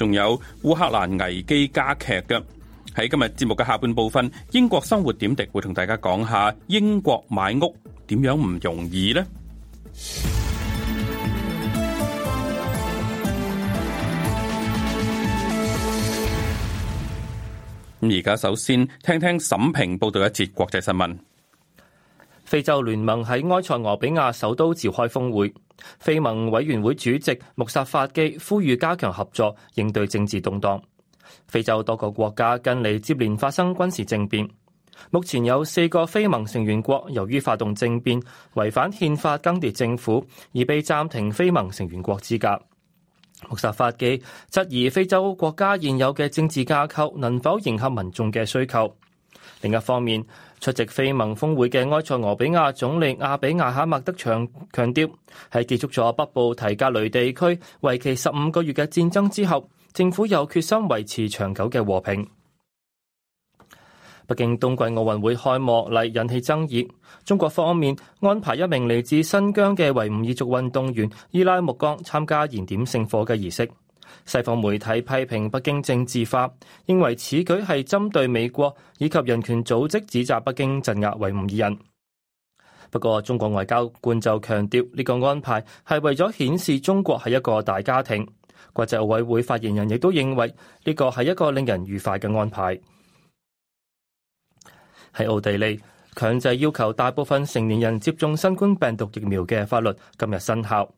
仲有烏克蘭危機加劇嘅。喺今日節目嘅下半部分，英國生活點滴會同大家講下英國買屋點樣唔容易呢？咁而家首先聽聽沈平報道一節國際新聞。非洲聯盟喺埃塞俄比亞首都召開峰會。非盟委員會主席穆薩法基呼籲加強合作，應對政治動盪。非洲多個國家近嚟接連發生軍事政變，目前有四個非盟成員國由於發動政變，違反憲法更迭政府，而被暫停非盟成員國資格。穆薩法基質疑非洲國家現有嘅政治架構能否迎合民眾嘅需求。另一方面，出席非盟峰會嘅埃塞俄比亞總理阿比亞哈麥德強強調，喺結束咗北部提格雷地區為期十五個月嘅戰爭之後，政府有決心維持長久嘅和平。北京冬季奧運會開幕禮引起爭議，中國方面安排一名嚟自新疆嘅維吾爾族運動員伊拉木江參加燃點聖火嘅儀式。西方媒體批評北京政治化，認為此舉係針對美國以及人權組織，指責北京鎮壓維吾爾人。不過，中國外交官就強調呢個安排係為咗顯示中國係一個大家庭。國際奧委會發言人亦都認為呢個係一個令人愉快嘅安排。喺奧地利，強制要求大部分成年人接種新冠病毒疫苗嘅法律今日生效。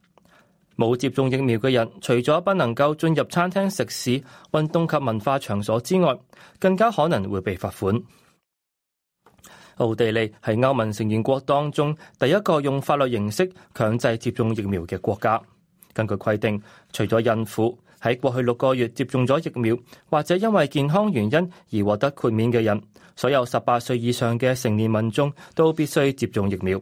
冇接種疫苗嘅人，除咗不能夠進入餐廳、食肆、運動及文化場所之外，更加可能會被罰款。奧地利係歐盟成員國當中第一個用法律形式強制接種疫苗嘅國家。根據規定，除咗孕婦喺過去六個月接種咗疫苗，或者因為健康原因而獲得豁免嘅人，所有十八歲以上嘅成年民眾都必須接種疫苗。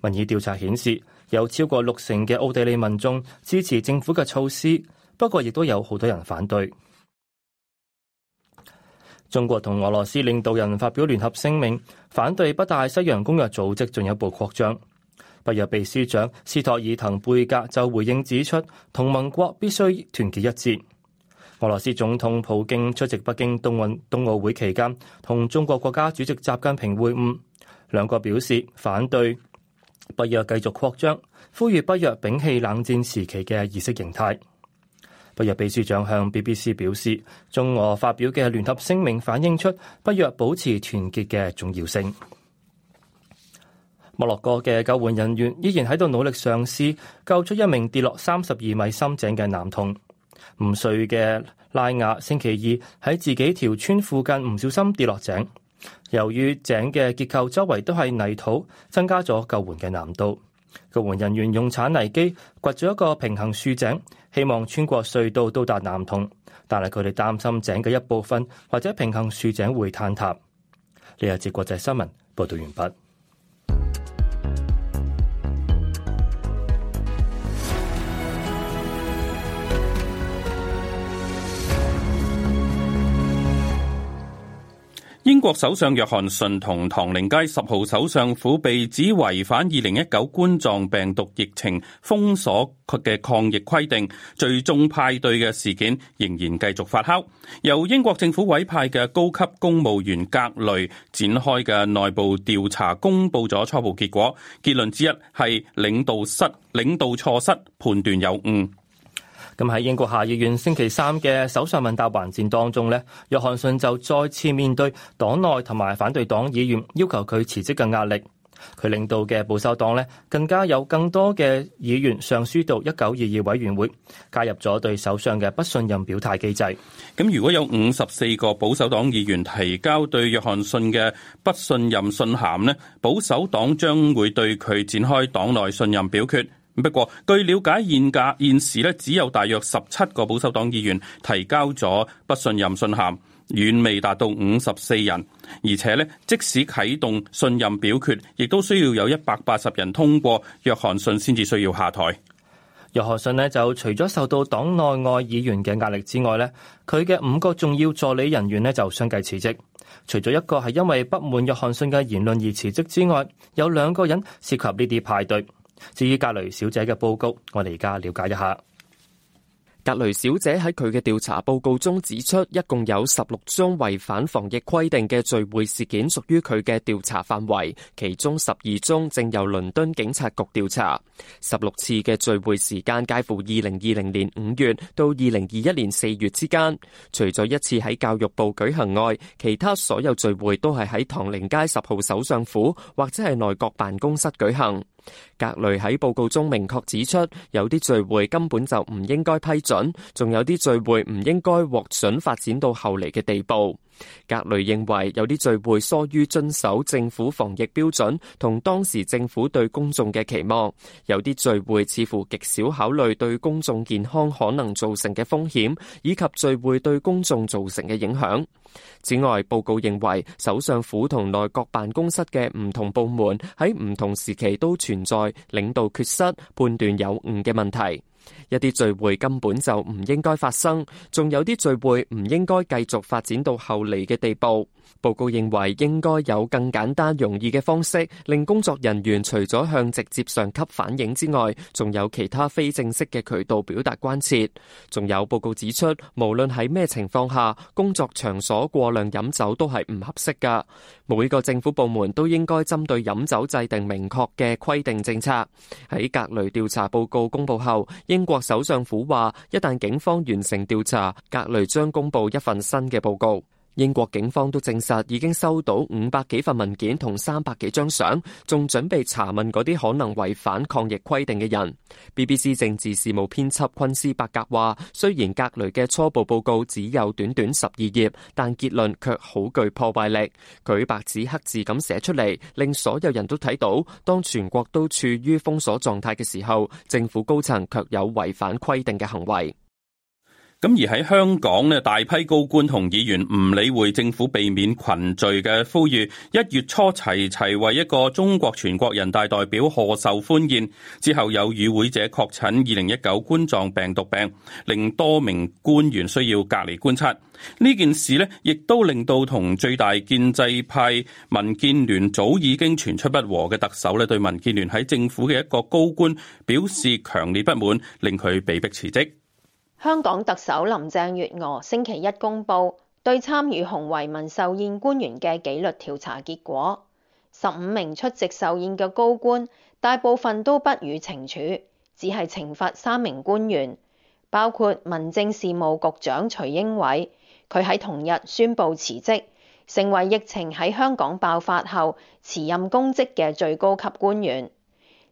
民意調查顯示，有超過六成嘅奧地利民眾支持政府嘅措施，不過亦都有好多人反對。中國同俄羅斯領導人發表聯合聲明，反對北大西洋公約組織進一步擴張。北約秘書長斯托爾滕貝格就回應指出，同盟國必須團結一致。俄羅斯總統普京出席北京冬運冬奧會期間，同中國國家主席習近平會晤，兩國表示反對。北約繼續擴張，呼籲北約摒棄冷戰時期嘅意識形態。北約秘書長向 BBC 表示，中俄發表嘅聯合聲明反映出北約保持團結嘅重要性。摩洛哥嘅救援人員依然喺度努力嘗試，救出一名跌落三十二米深井嘅男童。五歲嘅拉雅星期二喺自己條村附近唔小心跌落井。由於井嘅結構周圍都係泥土，增加咗救援嘅難度。救援人員用鏟泥機掘咗一個平衡樹井，希望穿過隧道到達男童。但係佢哋擔心井嘅一部分或者平衡樹井會坍塌。呢日節國際新聞報道完畢。英國首相約翰遜同唐寧街十號首相府被指違反二零一九冠狀病毒疫情封鎖嘅抗疫規定，聚眾派對嘅事件仍然繼續發酵。由英國政府委派嘅高級公務員格雷展開嘅內部調查，公布咗初步結果，結論之一係領導失、領導錯失、判斷有誤。咁喺英國下議院星期三嘅首相問答環節當中呢，約翰遜就再次面對黨內同埋反對黨議員要求佢辭職嘅壓力。佢領導嘅保守黨呢，更加有更多嘅議員上書到一九二二委員會，加入咗對首相嘅不信任表態機制。咁如果有五十四個保守黨議員提交對約翰遜嘅不信任信函呢，保守黨將會對佢展開黨內信任表決。不過據了解，現價現時咧，只有大約十七個保守黨議員提交咗不信任信函，遠未達到五十四人。而且咧，即使啟動信任表決，亦都需要有一百八十人通過，約翰遜先至需要下台。約翰遜咧就除咗受到黨內外議員嘅壓力之外咧，佢嘅五個重要助理人員咧就相繼辭職。除咗一個係因為不滿約翰遜嘅言論而辭職之外，有兩個人涉及呢啲派對。至於格雷小姐嘅報告，我哋而家了解一下。格雷小姐喺佢嘅調查報告中指出，一共有十六宗違反防疫規定嘅聚會事件屬於佢嘅調查範圍，其中十二宗正由倫敦警察局調查。十六次嘅聚會時間介乎二零二零年五月到二零二一年四月之間，除咗一次喺教育部舉行外，其他所有聚會都係喺唐寧街十號首相府或者係內閣辦公室舉行。格雷喺報告中明確指出，有啲聚會根本就唔應該批准，仲有啲聚會唔應該獲准發展到後嚟嘅地步。格雷認為，有啲聚會疏於遵守政府防疫標準，同當時政府對公眾嘅期望。有啲聚會似乎極少考慮對公眾健康可能造成嘅風險，以及聚會對公眾造成嘅影響。此外，報告認為，首相府同內閣辦公室嘅唔同部門喺唔同時期都存在領導缺失、判斷有誤嘅問題。一啲聚會根本就唔應該發生，仲有啲聚會唔應該繼續發展到後嚟嘅地步。報告認為應該有更簡單、容易嘅方式，令工作人員除咗向直接上級反映之外，仲有其他非正式嘅渠道表達關切。仲有報告指出，無論喺咩情況下，工作場所過量飲酒都係唔合適㗎。每個政府部門都應該針對飲酒制定明確嘅規定政策。喺格雷調查報告公布後，英國首相府話，一旦警方完成調查，格雷將公布一份新嘅報告。英國警方都證實已經收到五百幾份文件同三百幾張相，仲準備查問嗰啲可能違反抗疫規定嘅人。BBC 政治事務編輯昆斯伯格話，雖然格雷嘅初步報告只有短短十二頁，但結論卻好具破壞力。佢白紙黑字咁寫出嚟，令所有人都睇到，當全國都處於封鎖狀態嘅時候，政府高層卻有違反規定嘅行為。咁而喺香港呢，大批高官同議員唔理會政府避免群聚嘅呼籲，一月初齊齊為一個中國全國人大代表賀壽歡宴，之後有與會者確診二零一九冠狀病毒病，令多名官員需要隔離觀察。呢件事呢，亦都令到同最大建制派民建聯早已經傳出不和嘅特首呢對民建聯喺政府嘅一個高官表示強烈不滿，令佢被迫辭職。香港特首林鄭月娥星期一公布對參與洪為民壽宴官員嘅紀律調查結果，十五名出席壽宴嘅高官大部分都不予懲處，只係懲罰三名官員，包括民政事務局長徐英偉，佢喺同日宣布辭職，成為疫情喺香港爆發後辭任公職嘅最高級官員。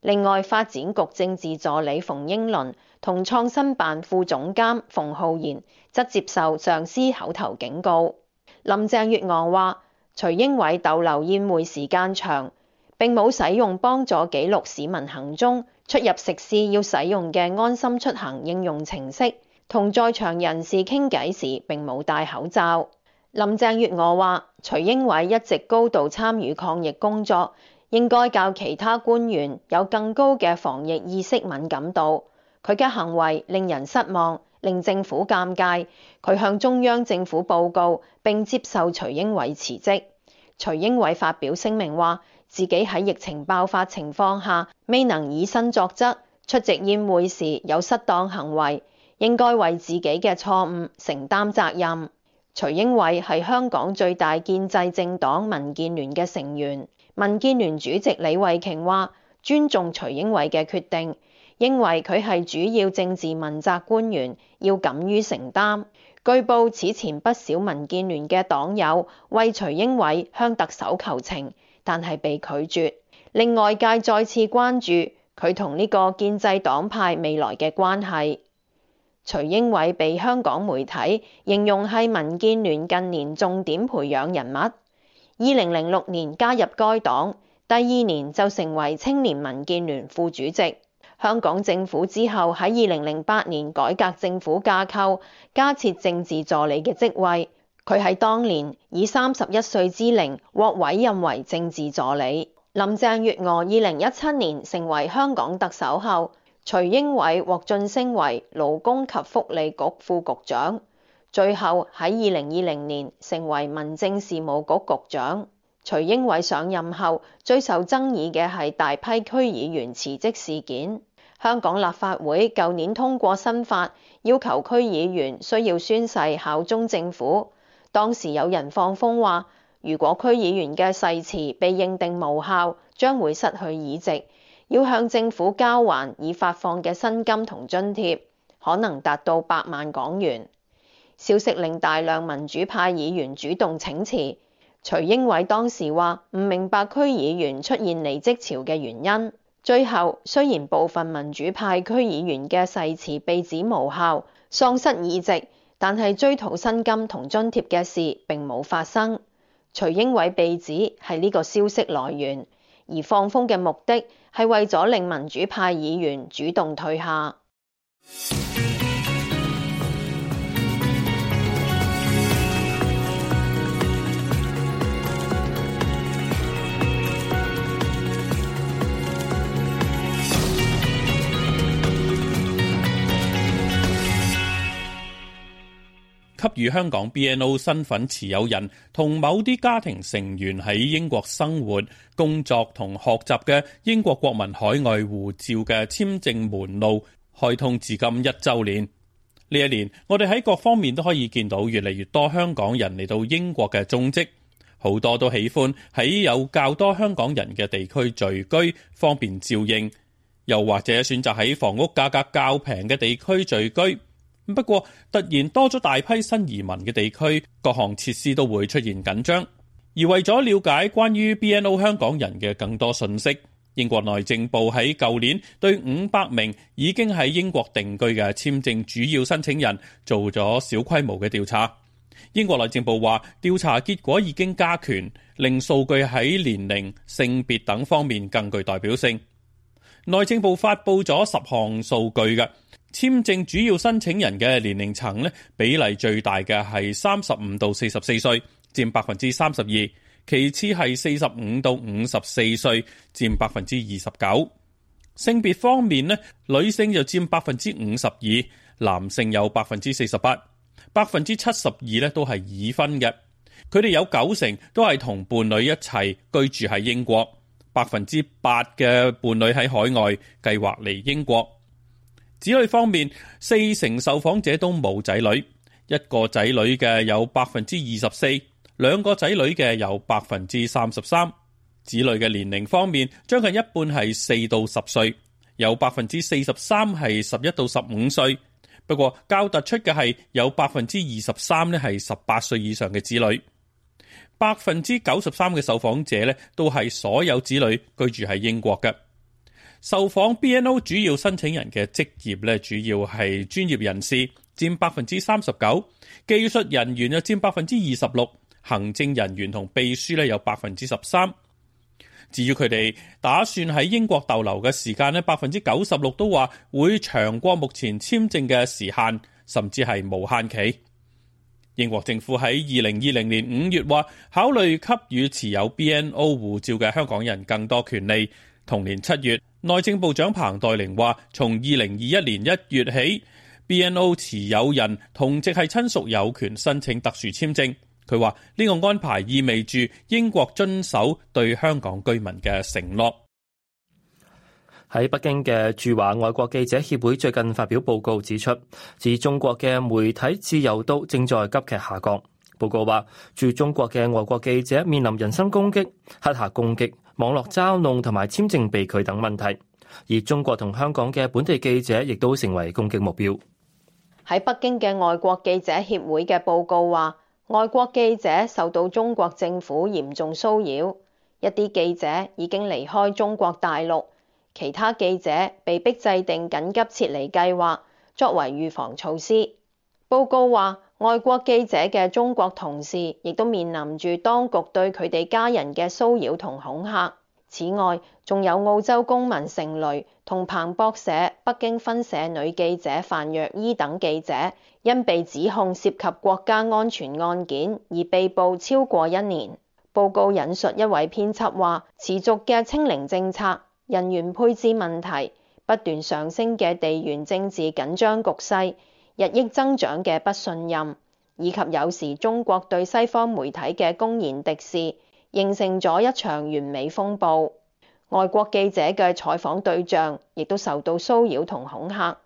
另外，發展局政治助理馮英倫。同創新辦副總監馮浩然則接受上司口頭警告。林鄭月娥話，徐英偉逗留宴會時間長，並冇使用幫助記錄市民行蹤出入食肆要使用嘅安心出行應用程式，同在場人士傾偈時並冇戴口罩。林鄭月娥話，徐英偉一直高度參與抗疫工作，應該教其他官員有更高嘅防疫意識敏感度。佢嘅行為令人失望，令政府尷尬。佢向中央政府報告並接受徐英偉辭職。徐英偉發表聲明話，自己喺疫情爆發情況下未能以身作則，出席宴會時有失當行為，應該為自己嘅錯誤承擔責任。徐英偉係香港最大建制政黨民建聯嘅成員，民建聯主席李慧瓊話，尊重徐英偉嘅決定。因為佢係主要政治問責官員，要敢於承擔。據報，此前不少民建聯嘅黨友為徐英偉向特首求情，但係被拒絕，令外界再次關注佢同呢個建制黨派未來嘅關係。徐英偉被香港媒體形容係民建聯近年重點培養人物，二零零六年加入該黨，第二年就成為青年民建聯副主席。香港政府之後喺二零零八年改革政府架構，加設政治助理嘅職位。佢喺當年以三十一歲之齡獲委任為政治助理。林鄭月娥二零一七年成為香港特首後，徐英偉獲晉升為勞工及福利局副局長，最後喺二零二零年成為民政事務局局長。徐英偉上任後最受爭議嘅係大批區議員辭職事件。香港立法會舊年通過新法，要求區議員需要宣誓效忠政府。當時有人放風話，如果區議員嘅誓詞被認定無效，將會失去議席，要向政府交還已發放嘅薪金同津貼，可能達到百萬港元。消息令大量民主派議員主動請辭。徐英偉當時話唔明白區議員出現離職潮嘅原因。最後，雖然部分民主派區議員嘅誓詞被指無效，喪失議席，但係追討薪金同津貼嘅事並冇發生。徐英偉被指係呢個消息來源，而放風嘅目的係為咗令民主派議員主動退下。給予香港 BNO 身份持有人同某啲家庭成員喺英國生活、工作同學習嘅英國國民海外護照嘅簽證門路開通至今一週年。呢一年，我哋喺各方面都可以見到越嚟越多香港人嚟到英國嘅蹤跡，好多都喜歡喺有較多香港人嘅地區聚居，方便照應；又或者選擇喺房屋價格較平嘅地區聚居。不過突然多咗大批新移民嘅地區，各項設施都會出現緊張。而為咗了解關於 BNO 香港人嘅更多信息，英國內政部喺舊年對五百名已經喺英國定居嘅簽證主要申請人做咗小規模嘅調查。英國內政部話，調查結果已經加權，令數據喺年齡、性別等方面更具代表性。內政部發佈咗十項數據嘅。簽證主要申請人嘅年齡層咧，比例最大嘅係三十五到四十四歲，佔百分之三十二；其次係四十五到五十四歲，佔百分之二十九。性別方面咧，女性就佔百分之五十二，男性有百分之四十八。百分之七十二咧都係已婚嘅，佢哋有九成都係同伴侶一齊居住喺英國，百分之八嘅伴侶喺海外計劃嚟英國。子女方面，四成受訪者都冇仔女，一個仔女嘅有百分之二十四，兩個仔女嘅有百分之三十三。子女嘅年齡方面，將近一半係四到十歲，有百分之四十三係十一到十五歲。不過較突出嘅係有百分之二十三咧係十八歲以上嘅子女。百分之九十三嘅受訪者咧都係所有子女居住喺英國嘅。受訪 BNO 主要申請人嘅職業咧，主要係專業人士，占百分之三十九；技術人員又占百分之二十六；行政人員同秘書咧有百分之十三。至於佢哋打算喺英國逗留嘅時間呢，百分之九十六都話會長過目前簽證嘅時限，甚至係無限期。英國政府喺二零二零年五月話考慮給予持有 BNO 護照嘅香港人更多權利。同年七月。內政部長彭黛玲話，從二零二一年一月起，BNO 持有人同直系親屬有權申請特殊簽證。佢話呢個安排意味住英國遵守對香港居民嘅承諾。喺北京嘅駐華外國記者協會最近發表報告指出，自中國嘅媒體自由都正在急劇下降。報告話，駐中國嘅外國記者面臨人身攻擊、黑客攻擊、網絡嘲弄同埋簽證被拒等問題，而中國同香港嘅本地記者亦都成為攻擊目標。喺北京嘅外國記者協會嘅報告話，外國記者受到中國政府嚴重騷擾，一啲記者已經離開中國大陸，其他記者被迫制定緊急撤離計劃作為預防措施。報告話，外國記者嘅中國同事亦都面臨住當局對佢哋家人嘅騷擾同恐嚇。此外，仲有澳洲公民成蕾同彭博社北京分社女記者范若伊等記者，因被指控涉及國家安全案件而被捕超過一年。報告引述一位編輯話：持續嘅清零政策、人員配置問題、不斷上升嘅地緣政治緊張局勢，日益增長嘅不信任，以及有時中國對西方媒體嘅公然敵視，形成咗一場完美風暴。外國記者嘅採訪對象亦都受到騷擾同恐嚇，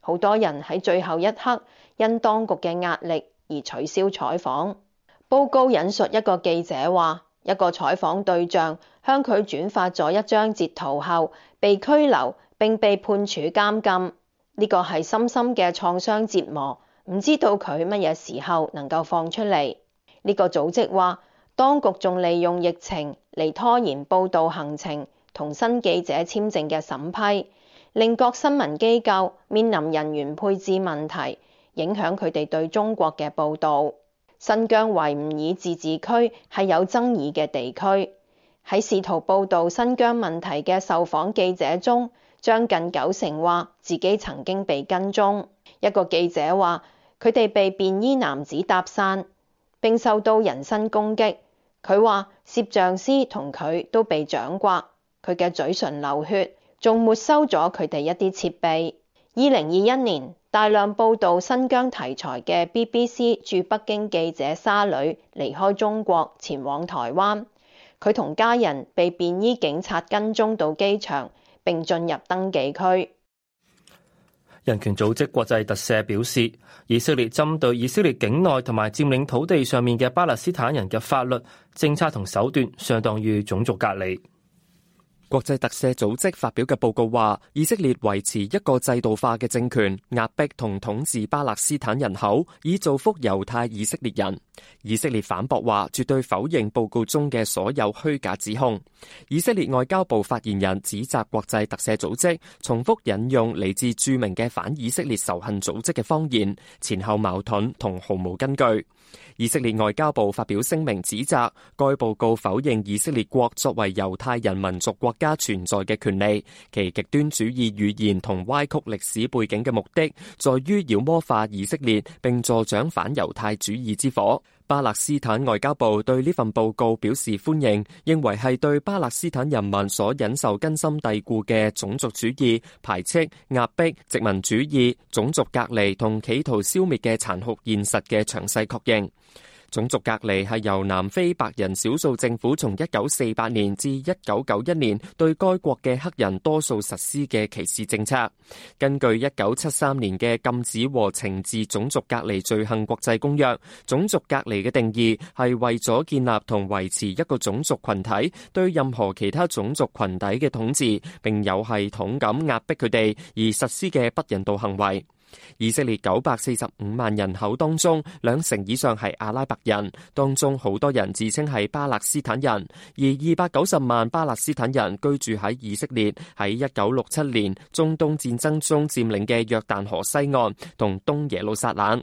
好多人喺最後一刻因當局嘅壓力而取消採訪。報告引述一個記者話：，一個採訪對象向佢轉發咗一張截圖後，被拘留並被判處監禁。呢個係深深嘅創傷折磨，唔知道佢乜嘢時候能夠放出嚟。呢個組織話，當局仲利用疫情嚟拖延報道行程同新記者簽證嘅審批，令各新聞機構面臨人員配置問題，影響佢哋對中國嘅報道。新疆維吾爾自治區係有爭議嘅地區，喺試圖報道新疆問題嘅受訪記者中，將近九成話自己曾經被跟蹤。一個記者話佢哋被便衣男子搭訕，並受到人身攻擊。佢話攝像師同佢都被掌摑，佢嘅嘴唇流血，仲沒收咗佢哋一啲設備。二零二一年，大量報道新疆題材嘅 BBC 駐北京記者沙磊離開中國前往台灣，佢同家人被便衣警察跟蹤到機場。並進入登記區。人權組織國際特赦表示，以色列針對以色列境內同埋佔領土地上面嘅巴勒斯坦人嘅法律政策同手段，相當於種族隔離。國際特赦組織發表嘅報告話，以色列維持一個制度化嘅政權，壓迫同統治巴勒斯坦人口，以造福猶太以色列人。以色列反駁話，絕對否認報告中嘅所有虛假指控。以色列外交部發言人指責國際特赦組織重複引用嚟自著名嘅反以色列仇恨組織嘅謊言，前後矛盾同毫無根據。以色列外交部發表聲明，指責該報告否認以色列國作為猶太人民族國家存在嘅權利，其極端主義語言同歪曲歷史背景嘅目的，在於妖魔化以色列，並助長反猶太主義之火。巴勒斯坦外交部對呢份報告表示歡迎，認為係對巴勒斯坦人民所忍受根深蒂固嘅種族主義、排斥、壓迫、殖民主義、種族隔離同企圖消滅嘅殘酷現實嘅詳細確認。種族隔離係由南非白人少數政府從1948年至1991年對該國嘅黑人多數實施嘅歧視政策，根據1973年嘅禁止和懲治種族隔離罪行國際公約種族隔離嘅定義係為咗建立同維持一個種族群體對任何其他種族群體嘅統治，並有系統噉壓迫佢哋而實施嘅不人道行為。以色列九百四十五萬人口當中，兩成以上係阿拉伯人，當中好多人自稱係巴勒斯坦人。而二百九十萬巴勒斯坦人居住喺以色列，喺一九六七年中東戰爭中佔領嘅約旦河西岸同東耶路撒冷。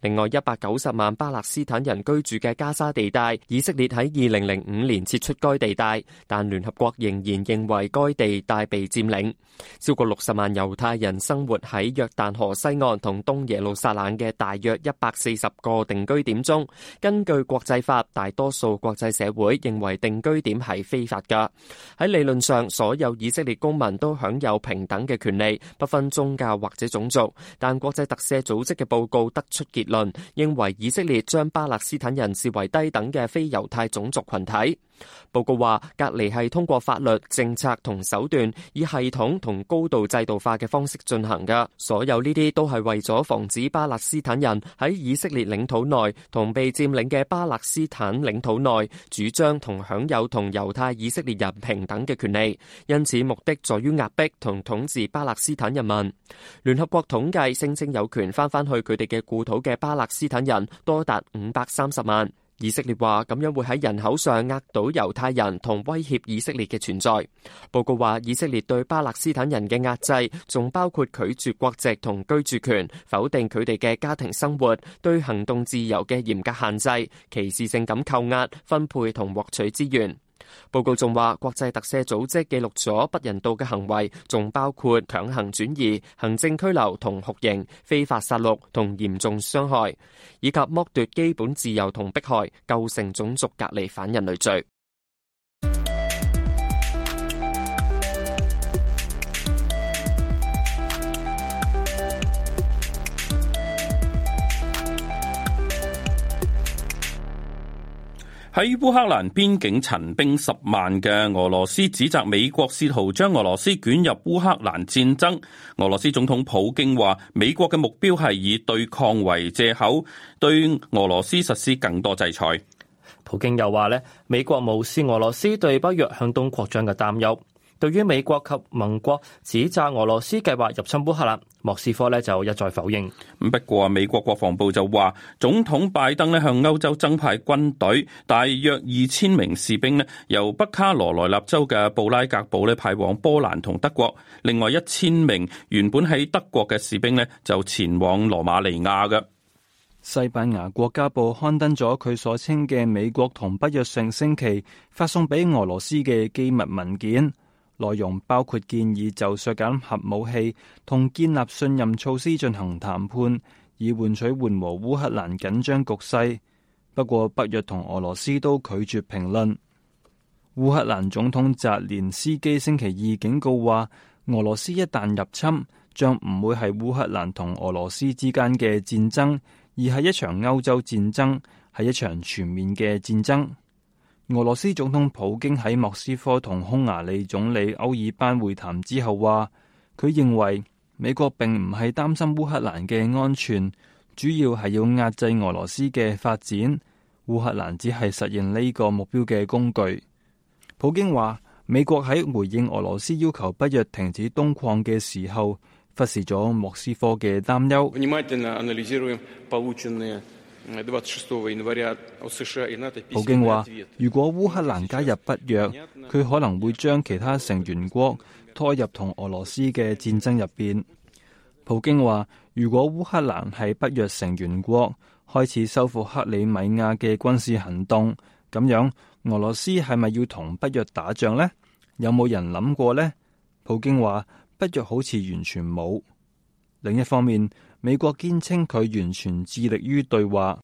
另外，一百九十萬巴勒斯坦人居住嘅加沙地帶，以色列喺二零零五年撤出該地帶，但聯合國仍然認為該地帶被佔領。超過六十萬猶太人生活喺約旦河西岸同東耶路撒冷嘅大約一百四十個定居點中。根據國際法，大多數國際社會認為定居點係非法㗎。喺理論上，所有以色列公民都享有平等嘅權利，不分宗教或者種族。但國際特赦組織嘅報告得出結論，認為以色列將巴勒斯坦人視為低等嘅非猶太種族群體。報告話隔離係通過法律、政策同手段，以系統同高度制度化嘅方式進行噶。所有呢啲都係為咗防止巴勒斯坦人喺以色列領土內同被佔領嘅巴勒斯坦領土內主張同享有同猶太以色列人平等嘅權利。因此，目的在於壓迫同統治巴勒斯坦人民。聯合國統計聲稱有權翻翻去佢哋嘅故土嘅巴勒斯坦人多達五百三十萬。以色列話咁樣會喺人口上壓倒猶太人同威脅以色列嘅存在。報告話，以色列對巴勒斯坦人嘅壓制，仲包括拒絕國籍同居住權，否定佢哋嘅家庭生活，對行動自由嘅嚴格限制，歧視性咁扣押、分配同獲取資源。報告仲話，國際特赦組織記錄咗不人道嘅行為，仲包括強行轉移、行政拘留同酷刑、非法殺戮同嚴重傷害，以及剝奪基本自由同迫害，構成種族隔離反人類罪。喺烏克蘭邊境陳兵十萬嘅俄羅斯指責美國試圖將俄羅斯捲入烏克蘭戰爭。俄羅斯總統普京話：美國嘅目標係以對抗為借口，對俄羅斯實施更多制裁。普京又話咧，美國無視俄羅斯對北約向東擴張嘅擔憂。對於美國及盟國指責俄羅斯計劃入侵烏克蘭，莫斯科咧就一再否認。不過美國國防部就話，總統拜登咧向歐洲增派軍隊，大約二千名士兵咧由北卡羅來納州嘅布拉格堡咧派往波蘭同德國，另外一千名原本喺德國嘅士兵咧就前往羅馬尼亞嘅。西班牙國家報刊登咗佢所稱嘅美國同北約上星期發送俾俄羅斯嘅機密文件。內容包括建議就削減核武器同建立信任措施進行談判，以換取緩和烏克蘭緊張局勢。不過，北約同俄羅斯都拒絕評論。烏克蘭總統澤連斯基星期二警告話，俄羅斯一旦入侵，將唔會係烏克蘭同俄羅斯之間嘅戰爭，而係一場歐洲戰爭，係一場全面嘅戰爭。俄羅斯總統普京喺莫斯科同匈牙利總理歐爾班會談之後話，佢認為美國並唔係擔心烏克蘭嘅安全，主要係要壓制俄羅斯嘅發展。烏克蘭只係實現呢個目標嘅工具。普京話，美國喺回應俄羅斯要求北約停止東擴嘅時候，忽視咗莫斯科嘅擔憂。普京話：如果烏克蘭加入北約，佢可能會將其他成員國拖入同俄羅斯嘅戰爭入邊。普京話：如果烏克蘭係北約成員國，開始收復克里米亞嘅軍事行動，咁樣俄羅斯係咪要同北約打仗呢？有冇人諗過呢？普京話：北約好似完全冇。另一方面，美國堅稱佢完全致力於對話。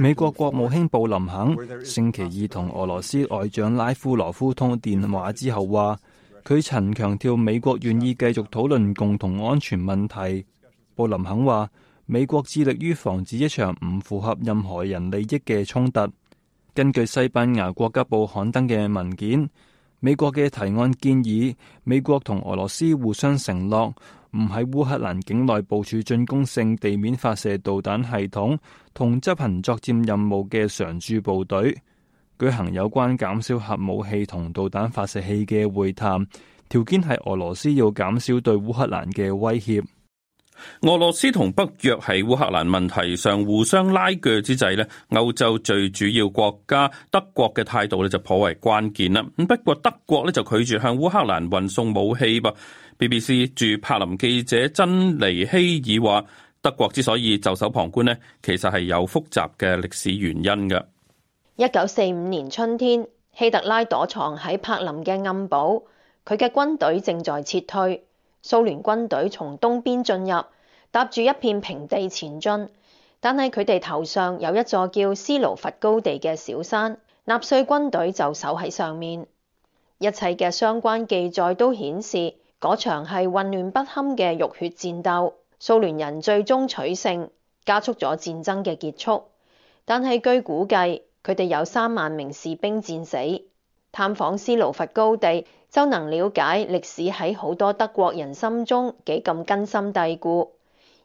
美國國務卿布林肯星期二同俄羅斯外長拉夫羅夫通電話之後話，佢曾強調美國願意繼續討論共同安全問題。布林肯話，美國致力於防止一場唔符合任何人利益嘅衝突。根據西班牙國家報刊登嘅文件，美國嘅提案建議美國同俄羅斯互相承諾，唔喺烏克蘭境內部署進攻性地面發射導彈系統同執行作戰任務嘅常駐部隊，舉行有關減少核武器同導彈發射器嘅會談，條件係俄羅斯要減少對烏克蘭嘅威脅。俄羅斯同北約喺烏克蘭問題上互相拉鋸之際咧，歐洲最主要國家德國嘅態度咧就頗為關鍵啦。不過德國咧就拒絕向烏克蘭運送武器噃。BBC 駐柏林記者珍妮希爾話，德國之所以袖手旁觀咧，其實係有複雜嘅歷史原因嘅。一九四五年春天，希特拉躲藏喺柏林嘅暗堡，佢嘅軍隊正在撤退。蘇聯軍隊從東邊進入，搭住一片平地前進，但係佢哋頭上有一座叫斯盧佛高地嘅小山，納粹軍隊就守喺上面。一切嘅相關記載都顯示，嗰場係混亂不堪嘅浴血戰鬥，蘇聯人最終取勝，加速咗戰爭嘅結束。但係據估計，佢哋有三萬名士兵戰死。探訪斯盧佛高地。都能了解歷史喺好多德國人心中幾咁根深蒂固，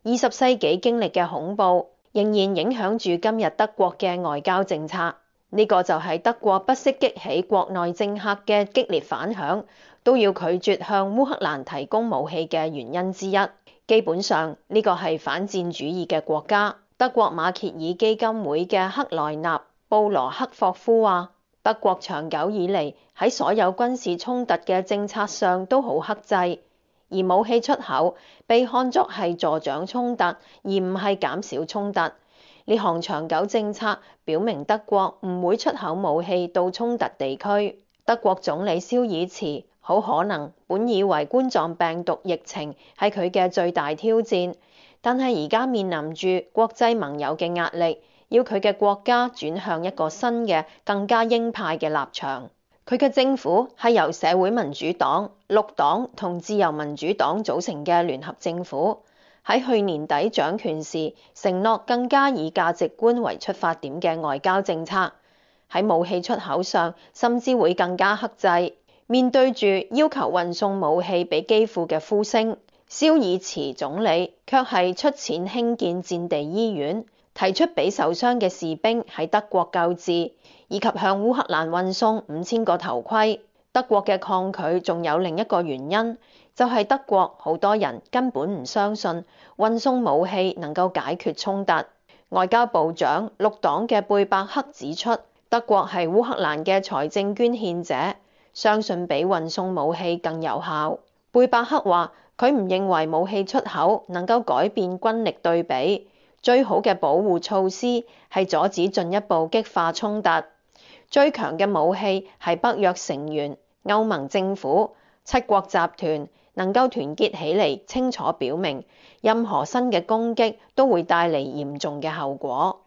二十世紀經歷嘅恐怖仍然影響住今日德國嘅外交政策。呢個就係德國不惜激起國內政客嘅激烈反響，都要拒絕向烏克蘭提供武器嘅原因之一。基本上呢個係反戰主義嘅國家。德國馬歇爾基金會嘅克萊納布羅克霍夫話。德國長久以嚟喺所有軍事衝突嘅政策上都好克制，而武器出口被看作係助長衝突，而唔係減少衝突。呢項長久政策表明德國唔會出口武器到衝突地區。德國總理肖爾茨好可能本以為冠狀病毒疫情係佢嘅最大挑戰，但係而家面臨住國際盟友嘅壓力，要佢嘅國家轉向一個新嘅、更加鷹派嘅立場。佢嘅政府係由社會民主黨、綠黨同自由民主黨組成嘅聯合政府。喺去年底掌權時，承諾更加以價值觀為出發點嘅外交政策。喺武器出口上，甚至會更加克制。面對住要求運送武器俾基輔嘅呼聲，肖爾茨總理卻係出錢興建戰地醫院。提出俾受傷嘅士兵喺德國救治，以及向烏克蘭運送五千個頭盔。德國嘅抗拒仲有另一個原因，就係、是、德國好多人根本唔相信運送武器能夠解決衝突。外交部長綠黨嘅貝伯克指出，德國係烏克蘭嘅財政捐獻者，相信比運送武器更有效。貝伯克話：佢唔認為武器出口能夠改變軍力對比。最好嘅保護措施係阻止進一步激化衝突，最強嘅武器係北約成員、歐盟政府、七國集團能夠團結起嚟，清楚表明任何新嘅攻擊都會帶嚟嚴重嘅後果。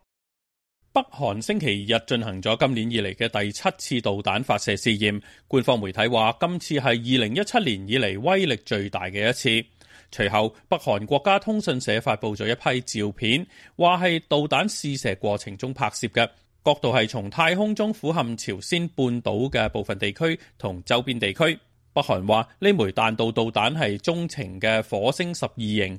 北韓星期日進行咗今年以嚟嘅第七次導彈發射試驗，官方媒體話今次係二零一七年以嚟威力最大嘅一次。隨後，北韓國家通訊社發佈咗一批照片，話係導彈試射過程中拍攝嘅，角度係從太空中俯瞰朝鮮半島嘅部分地區同周邊地區。北韓話呢枚彈道導彈係中程嘅火星十二型。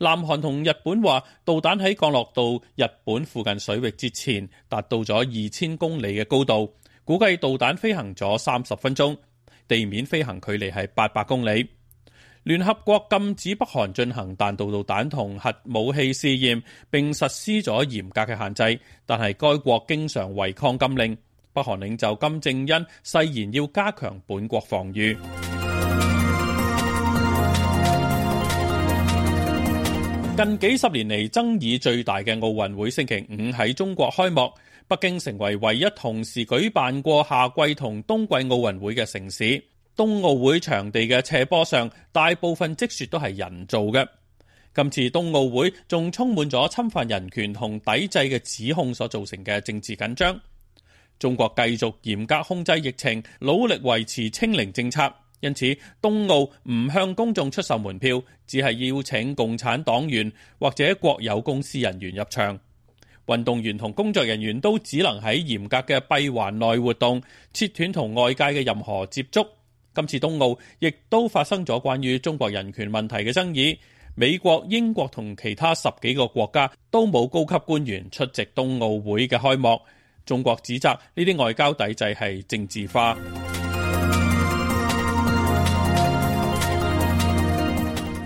南韓同日本話，導彈喺降落到日本附近水域之前，達到咗二千公里嘅高度，估計導彈飛行咗三十分鐘，地面飛行距離係八百公里。聯合國禁止北韓進行彈道導彈同核武器試驗，並實施咗嚴格嘅限制。但係該國經常違抗禁令。北韓領袖金正恩誓言要加強本國防禦。近幾十年嚟爭議最大嘅奧運會星期五喺中國開幕，北京成為唯一同時舉辦過夏季同冬季奧運會嘅城市。冬奧會場地嘅斜坡上，大部分積雪都係人造嘅。今次冬奧會仲充滿咗侵犯人權同抵制嘅指控所造成嘅政治緊張。中國繼續嚴格控制疫情，努力維持清零政策，因此冬奧唔向公眾出售門票，只係邀請共產黨員或者國有公司人員入場。運動員同工作人員都只能喺嚴格嘅閉環內活動，切斷同外界嘅任何接觸。今次冬奧亦都發生咗關於中國人權問題嘅爭議，美國、英國同其他十幾個國家都冇高級官員出席冬奧會嘅開幕。中國指責呢啲外交抵制係政治化。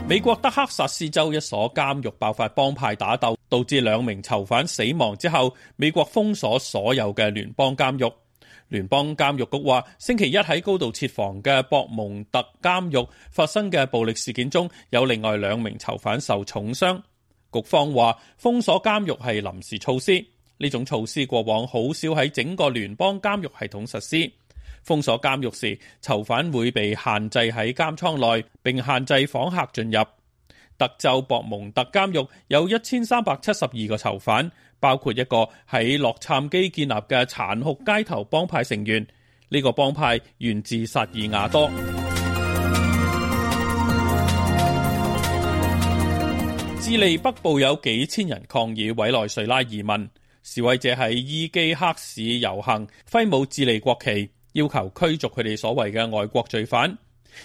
美國德克薩斯州一所監獄爆發幫派打鬥，導致兩名囚犯死亡之後，美國封鎖所有嘅聯邦監獄。聯邦監獄局話，星期一喺高度設防嘅博蒙特監獄發生嘅暴力事件中，有另外兩名囚犯受重傷。局方話，封鎖監獄係臨時措施，呢種措施過往好少喺整個聯邦監獄系統實施。封鎖監獄時，囚犯會被限制喺監倉內，並限制訪客進入。德州博蒙特監獄有一千三百七十二個囚犯。包括一個喺洛杉磯建立嘅殘酷街頭幫派成員，呢、這個幫派源自薩爾瓦多。智利北部有幾千人抗議委內瑞拉移民，示威者喺伊基克市遊行，揮舞智利國旗，要求驅逐佢哋所謂嘅外國罪犯。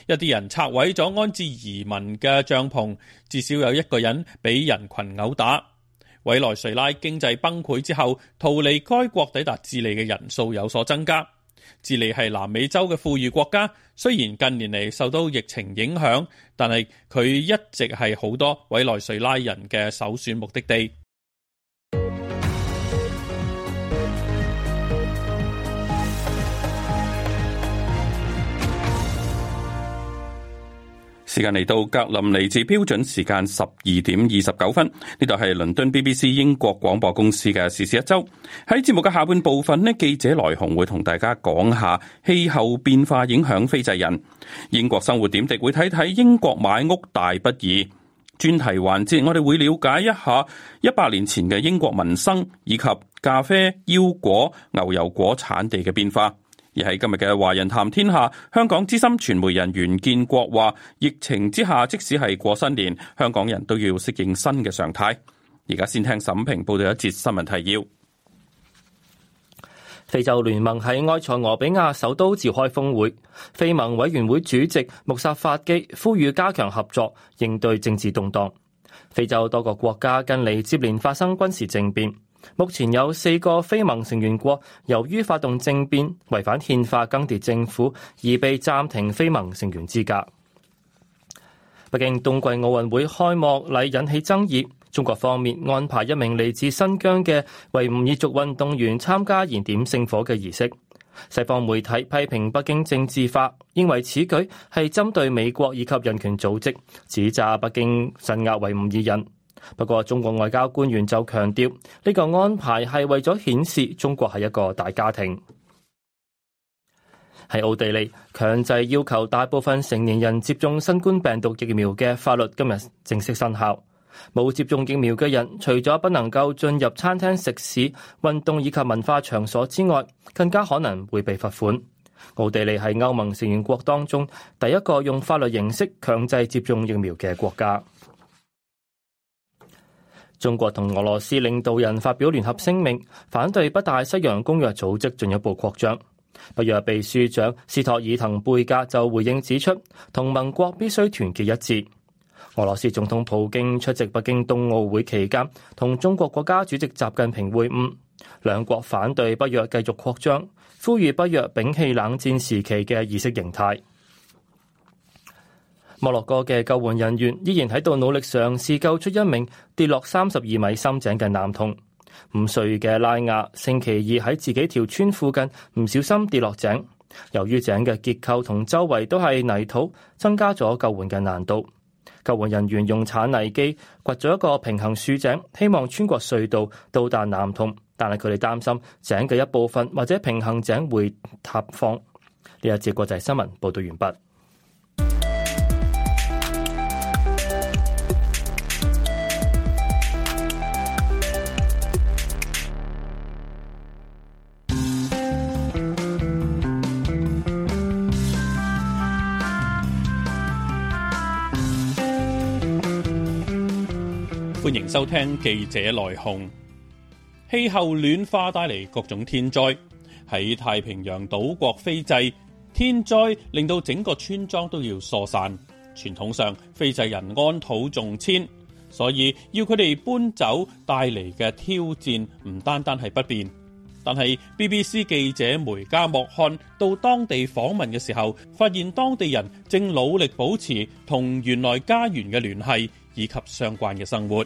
一啲人拆毀咗安置移民嘅帳篷，至少有一個人俾人群毆打。委內瑞拉經濟崩潰之後，逃離該國抵達智利嘅人數有所增加。智利係南美洲嘅富裕國家，雖然近年嚟受到疫情影響，但係佢一直係好多委內瑞拉人嘅首選目的地。時間嚟到格林尼治標準時間十二點二十九分。呢度係倫敦 BBC 英國廣播公司嘅時事一周。喺節目嘅下半部分呢，記者來鴻會同大家講下氣候變化影響斐濟人。英國生活點滴會睇睇英國買屋大不易。專題環節，我哋會了解一下一百年前嘅英國民生以及咖啡、腰果、牛油果產地嘅變化。而喺今日嘅華人談天下，香港資深傳媒人袁建國話，疫情之下，即使係過新年，香港人都要適應新嘅常態。而家先聽沈平報道一節新聞提要。非洲聯盟喺埃塞俄比亞首都召開峰會，非盟委員會主席穆薩法基呼籲加強合作，應對政治動盪。非洲多個國家近嚟接連發生軍事政變。目前有四個非盟成員國由於發動政變違反憲法更迭政府而被暫停非盟成員資格。北京冬季奧運會開幕禮引起爭議，中國方面安排一名嚟自新疆嘅維吾爾族運動員參加燃點聖火嘅儀式，西方媒體批評北京政治化，認為此舉係針對美國以及人權組織，指責北京鎮壓維吾爾人。不過，中國外交官員就強調，呢個安排係為咗顯示中國係一個大家庭。喺奧地利，強制要求大部分成年人接種新冠病毒疫苗嘅法律今日正式生效。冇接種疫苗嘅人，除咗不能夠進入餐廳、食肆、運動以及文化場所之外，更加可能會被罰款。奧地利係歐盟成員國當中第一個用法律形式強制接種疫苗嘅國家。中國同俄羅斯領導人發表聯合聲明，反對北大西洋公約組織進一步擴張。北約秘書長斯托爾滕貝格就回應指出，同盟國必須團結一致。俄羅斯總統普京出席北京冬奧會期間，同中國國家主席習近平會晤，兩國反對北約繼續擴張，呼籲北約摒棄冷戰時期嘅意識形態。摩洛哥嘅救援人員依然喺度努力嘗試救出一名跌落三十二米深井嘅男童。五歲嘅拉亞星期二喺自己條村附近唔小心跌落井，由於井嘅結構同周圍都係泥土，增加咗救援嘅難度。救援人員用鏟泥機掘咗一個平衡豎井，希望穿過隧道到達男童，但係佢哋擔心井嘅一部分或者平衡井會塌方。呢一節國際新聞報道完畢。歡迎收聽記者來鴻。氣候暖化帶嚟各種天災，喺太平洋島國斐濟，天災令到整個村莊都要疏散。傳統上，斐濟人安土重遷，所以要佢哋搬走帶嚟嘅挑戰唔單單係不便。但係 BBC 記者梅加莫漢到當地訪問嘅時候，發現當地人正努力保持同原來家園嘅聯繫以及相關嘅生活。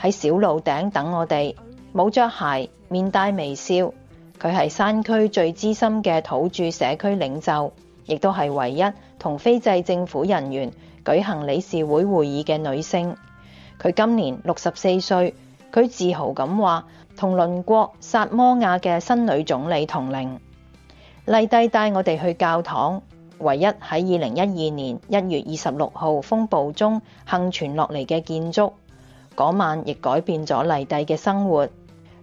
喺小路頂等我哋，冇着鞋，面帶微笑。佢係山區最資深嘅土著社區領袖，亦都係唯一同斐濟政府人員舉行理事會會議嘅女性。佢今年六十四歲，佢自豪咁話，同鄰國薩摩亞嘅新女總理同齡。麗蒂帶我哋去教堂，唯一喺二零一二年一月二十六號風暴中幸存落嚟嘅建築。嗰晚亦改變咗麗帝嘅生活。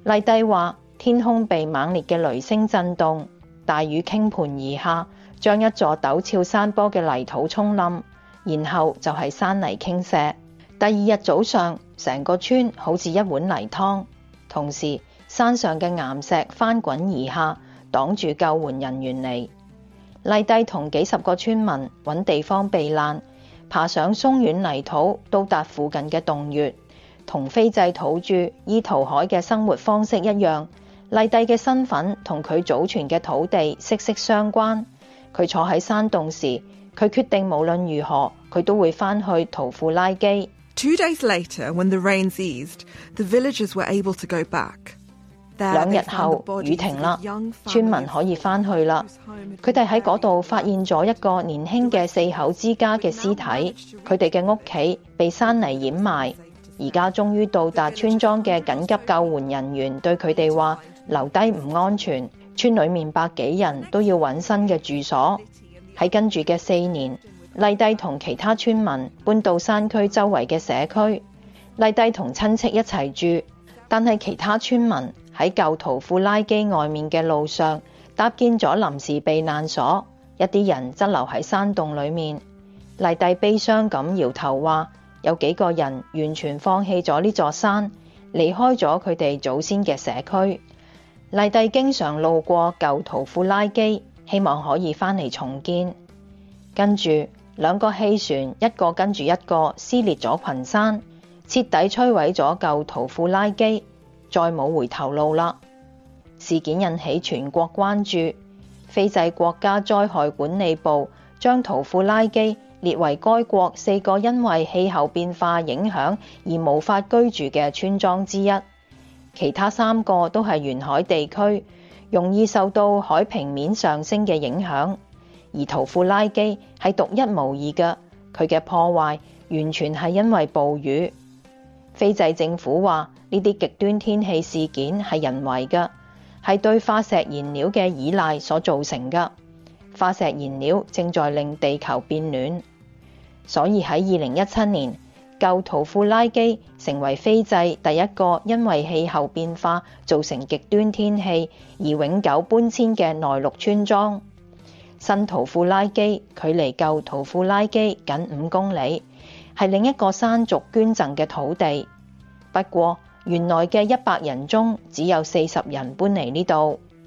麗帝話：天空被猛烈嘅雷聲震動，大雨傾盆而下，將一座陡峭山坡嘅泥土沖冧，然後就係山泥傾瀉。第二日早上，成個村好似一碗泥湯，同時山上嘅岩石翻滾而下，擋住救援人員嚟。麗帝同幾十個村民揾地方避難，爬上鬆軟泥土，到達附近嘅洞穴。同斐濟土著依圖海嘅生活方式一樣，麗蒂嘅身份同佢祖傳嘅土地息息相關。佢坐喺山洞時，佢決定無論如何，佢都會翻去圖庫拉基。Two days later, when the rains eased, the villagers were able to go back. 兩日後雨停啦，村民可以翻去啦。佢哋喺嗰度發現咗一個年輕嘅四口之家嘅屍體，佢哋嘅屋企被山泥掩埋。而家終於到達村莊嘅緊急救援人員對佢哋話：留低唔安全，村裏面百幾人都要揾新嘅住所。喺跟住嘅四年，麗蒂同其他村民搬到山區周圍嘅社區，麗蒂同親戚一齊住。但係其他村民喺舊圖庫拉基外面嘅路上搭建咗臨時避難所，一啲人則留喺山洞裡面。麗蒂悲傷咁搖頭話。有幾個人完全放棄咗呢座山，離開咗佢哋祖先嘅社區。麗帝經常路過舊圖庫拉基，希望可以翻嚟重建。跟住兩個氣船，一個跟住一個撕裂咗群山，徹底摧毀咗舊圖庫拉基，再冇回頭路啦。事件引起全國關注，斐濟國家災害管理部將圖庫拉基。列為該國四個因為氣候變化影響而無法居住嘅村莊之一，其他三個都係沿海地區，容易受到海平面上升嘅影響。而圖庫拉基係獨一無二嘅，佢嘅破壞完全係因為暴雨。斐濟政府話呢啲極端天氣事件係人為嘅，係對化石燃料嘅依賴所造成嘅。化石燃料正在令地球變暖。所以喺二零一七年，舊圖庫拉基成為斐濟第一個因為氣候變化造成極端天氣而永久搬遷嘅內陸村莊。新圖庫拉基距離舊圖庫拉基僅五公里，係另一個山族捐贈嘅土地。不過，原來嘅一百人中只有四十人搬嚟呢度。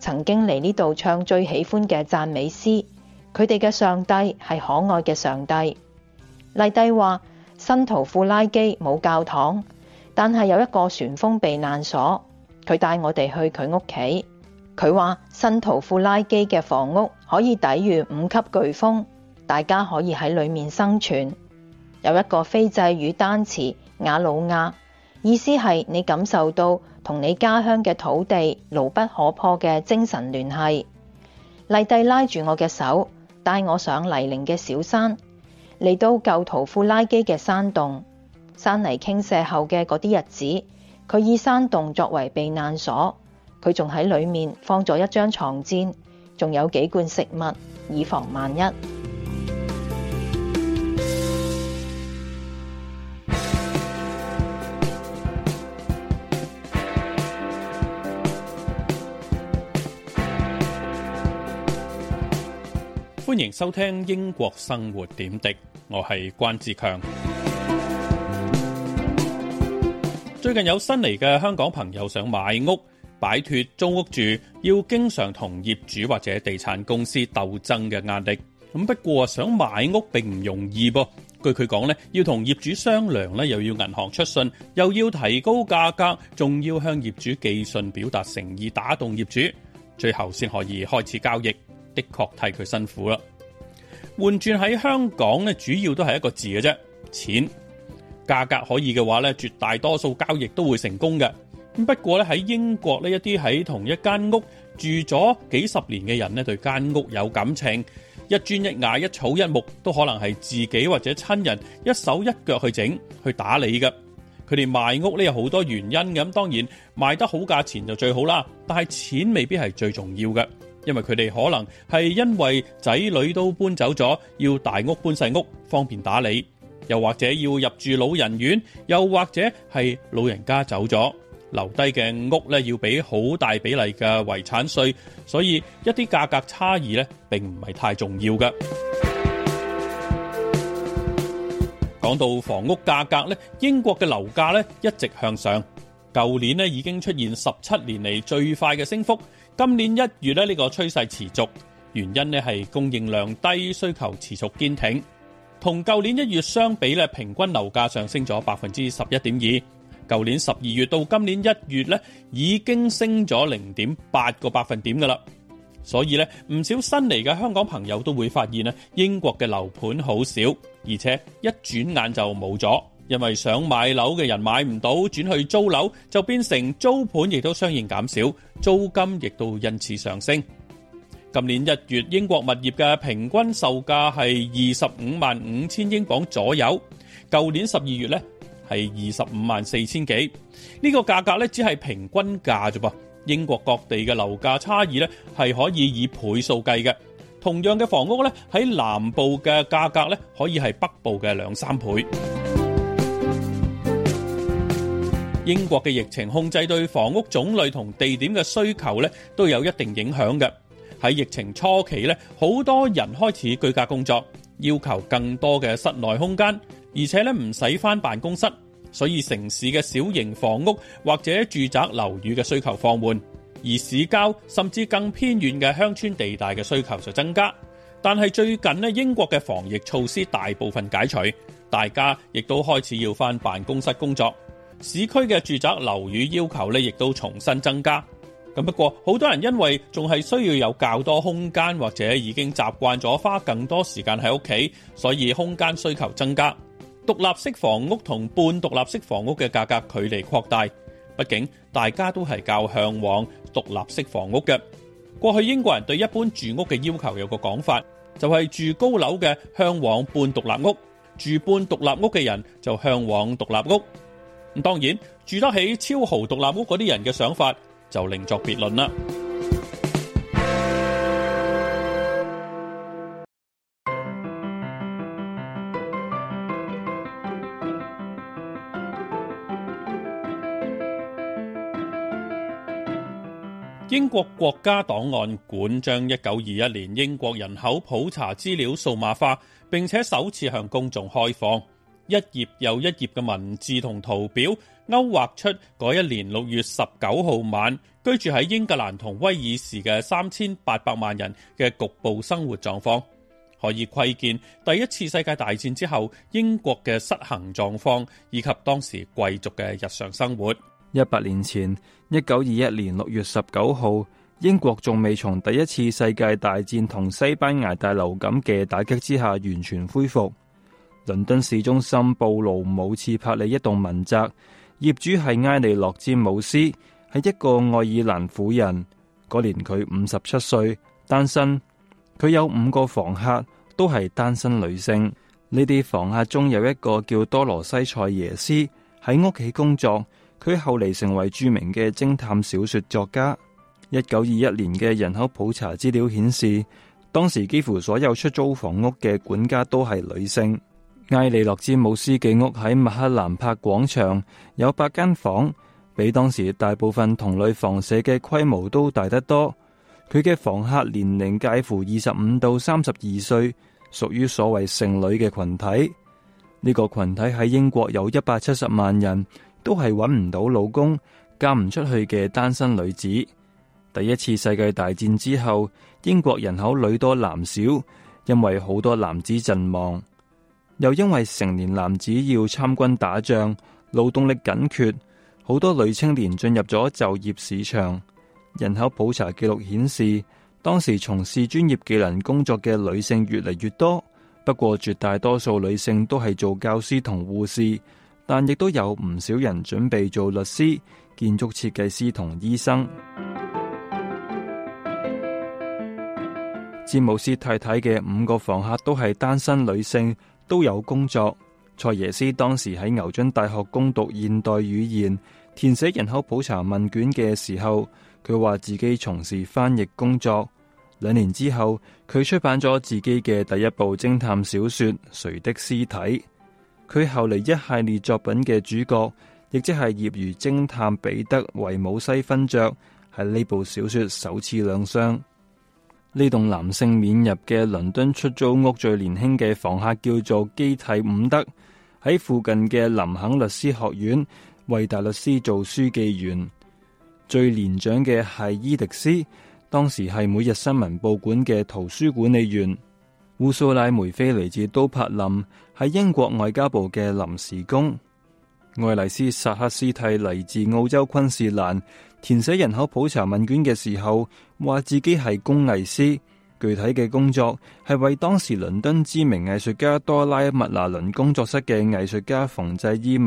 曾經嚟呢度唱最喜歡嘅讚美詩，佢哋嘅上帝係可愛嘅上帝。麗蒂話：新圖庫拉基冇教堂，但係有一個旋風避難所。佢帶我哋去佢屋企，佢話新圖庫拉基嘅房屋可以抵禦五級颶風，大家可以喺裡面生存。有一個斐濟語單詞瓦魯亞。意思係你感受到同你家鄉嘅土地牢不可破嘅精神聯繫。麗蒂拉住我嘅手，帶我上泥濘嘅小山，嚟到舊圖庫拉基嘅山洞。山泥傾瀉後嘅嗰啲日子，佢以山洞作為避難所，佢仲喺裏面放咗一張床墊，仲有幾罐食物，以防萬一。歡迎收聽英國生活點滴，我係關志強。最近有新嚟嘅香港朋友想買屋，擺脫租屋住，要經常同業主或者地產公司鬥爭嘅壓力。咁不過想買屋並唔容易噃。據佢講呢，要同業主商量咧，又要銀行出信，又要提高價格，仲要向業主寄信表達誠意，打動業主，最後先可以開始交易。的確替佢辛苦啦。換轉喺香港咧，主要都係一個字嘅啫，錢。價格可以嘅話咧，絕大多數交易都會成功嘅。咁不過咧，喺英國呢，一啲喺同一間屋住咗幾十年嘅人咧，對間屋有感情，一磚一瓦一草一木都可能係自己或者親人一手一腳去整去打理嘅。佢哋賣屋咧，有好多原因嘅，咁當然賣得好價錢就最好啦。但係錢未必係最重要嘅。因為佢哋可能係因為仔女都搬走咗，要大屋搬細屋，方便打理；又或者要入住老人院；又或者係老人家走咗，留低嘅屋呢要俾好大比例嘅遺產稅，所以一啲價格差異呢並唔係太重要嘅。講到房屋價格呢，英國嘅樓價呢一直向上，舊年呢已經出現十七年嚟最快嘅升幅。今年一月咧，呢個趨勢持續，原因咧係供應量低，需求持續堅挺。同舊年一月相比咧，平均樓價上升咗百分之十一點二。舊年十二月到今年一月咧，已經升咗零點八個百分點噶啦。所以咧，唔少新嚟嘅香港朋友都會發現咧，英國嘅樓盤好少，而且一轉眼就冇咗。因為想買樓嘅人買唔到，轉去租樓就變成租盤，亦都相應減少，租金亦都因此上升。今年一月，英國物業嘅平均售價係二十五萬五千英鎊左右，舊年十二月呢係二十五萬四千幾。呢個價格呢只係平均價啫噃，英國各地嘅樓價差異呢係可以以倍數計嘅。同樣嘅房屋呢喺南部嘅價格呢可以係北部嘅兩三倍。英國嘅疫情控制對房屋種類同地點嘅需求咧，都有一定影響嘅。喺疫情初期咧，好多人開始居家工作，要求更多嘅室內空間，而且咧唔使返辦公室，所以城市嘅小型房屋或者住宅樓宇嘅需求放緩，而市郊甚至更偏遠嘅鄉村地帶嘅需求就增加。但係最近呢，英國嘅防疫措施大部分解除，大家亦都開始要返辦公室工作。市區嘅住宅樓宇要求呢亦都重新增加。咁不過，好多人因為仲係需要有較多空間，或者已經習慣咗花更多時間喺屋企，所以空間需求增加。獨立式房屋同半獨立式房屋嘅價格距離擴大。畢竟大家都係較向往獨立式房屋嘅。過去英國人對一般住屋嘅要求有個講法，就係住高樓嘅向往半獨立屋，住半獨立屋嘅人就向往獨立屋。咁當然住得起超豪獨立屋嗰啲人嘅想法就另作別論啦。英國國家檔案館將一九二一年英國人口普查資料數碼化，並且首次向公眾開放。一頁又一頁嘅文字同圖表勾畫出嗰一年六月十九號晚居住喺英格蘭同威爾士嘅三千八百萬人嘅局部生活狀況，可以窺見第一次世界大戰之後英國嘅失衡狀況，以及當時貴族嘅日常生活。一百年前，一九二一年六月十九號，英國仲未從第一次世界大戰同西班牙大流感嘅打擊之下完全恢復。倫敦市中心布魯姆次柏利一棟民宅，業主係埃尼洛詹姆斯，係一個愛爾蘭婦人。嗰年佢五十七歲，單身。佢有五個房客，都係單身女性。呢啲房客中有一個叫多羅西塞耶斯喺屋企工作，佢後嚟成為著名嘅偵探小説作家。一九二一年嘅人口普查資料顯示，當時幾乎所有出租房屋嘅管家都係女性。埃利洛詹姆斯嘅屋喺麥克蘭帕廣場，有八間房，比當時大部分同類房舍嘅規模都大得多。佢嘅房客年齡介乎二十五到三十二歲，屬於所謂剩女嘅群體。呢、這個群體喺英國有一百七十萬人，都係揾唔到老公嫁唔出去嘅單身女子。第一次世界大戰之後，英國人口女多男少，因為好多男子陣亡。又因為成年男子要參軍打仗，勞動力緊缺，好多女青年進入咗就業市場。人口普查記錄顯示，當時從事專業技能工作嘅女性越嚟越多。不過，絕大多數女性都係做教師同護士，但亦都有唔少人準備做律師、建築設計師同醫生。詹姆斯太太嘅五個房客都係單身女性。都有工作。蔡耶斯當時喺牛津大學攻讀現代語言，填寫人口普查問卷嘅時候，佢話自己從事翻譯工作。兩年之後，佢出版咗自己嘅第一部偵探小說誰的屍體，佢後嚟一系列作品嘅主角，亦即係業餘偵探彼得維姆西勳爵，喺呢部小說首次亮相。呢棟男性免入嘅倫敦出租屋，最年輕嘅房客叫做基蒂伍德，喺附近嘅林肯律師學院為大律師做書記員。最年長嘅係伊迪斯，當時係每日新聞報館嘅圖書管理員。烏蘇拉梅菲嚟自都柏林，喺英國外交部嘅臨時工。愛麗絲薩克斯蒂嚟自澳洲昆士蘭，填寫人口普查問卷嘅時候，話自己係工藝師，具體嘅工作係為當時倫敦知名藝術家多拉·麥拿倫工作室嘅藝術家縫製衣物。